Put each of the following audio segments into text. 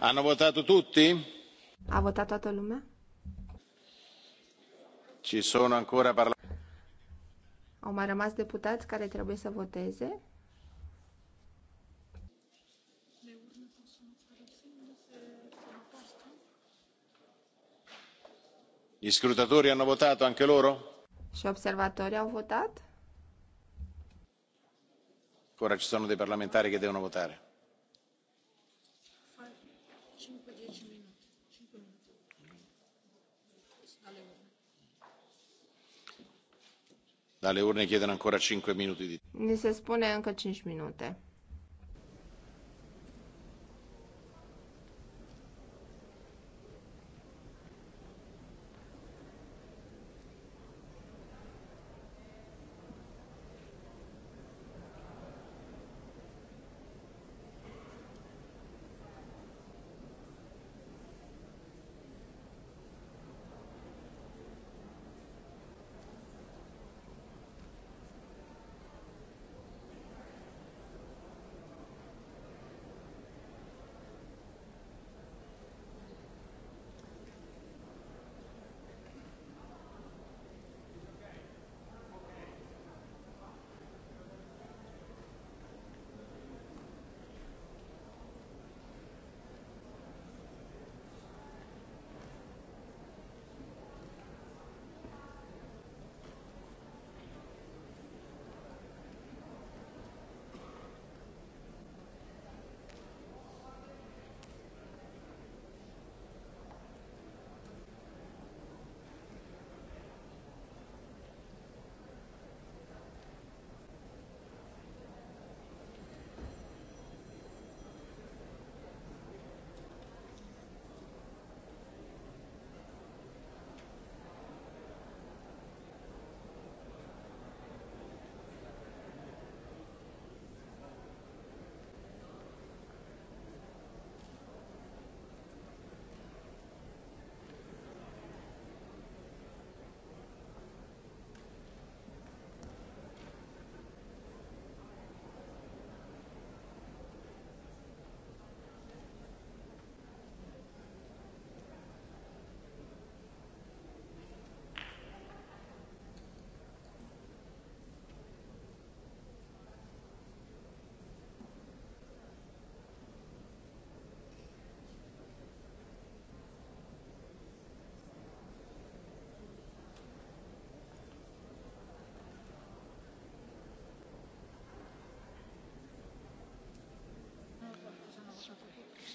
Hanno votato tutti? ha votato toată lumea? Ci sono ancora parlamentari. Au mai rămas deputați care trebuie să voteze? Gli scrutatori hanno votato anche loro? Și observatorii au votat? Ancora ci sono dei parlamentari che devono votare. Dalle urne chiedono ancora 5 minuti di... Ni se spune încă 5 minute.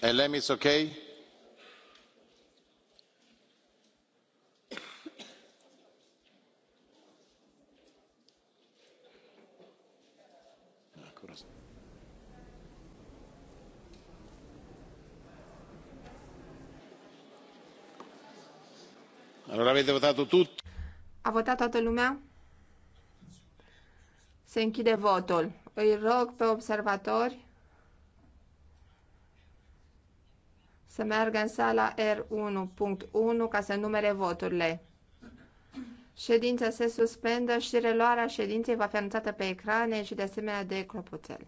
elem is okay? A votat toată lumea? Se închide votul. Îi rog pe observatori să meargă în sala R1.1 ca să numere voturile. Ședința se suspendă și reluarea ședinței va fi anunțată pe ecrane și de asemenea de clopoțel.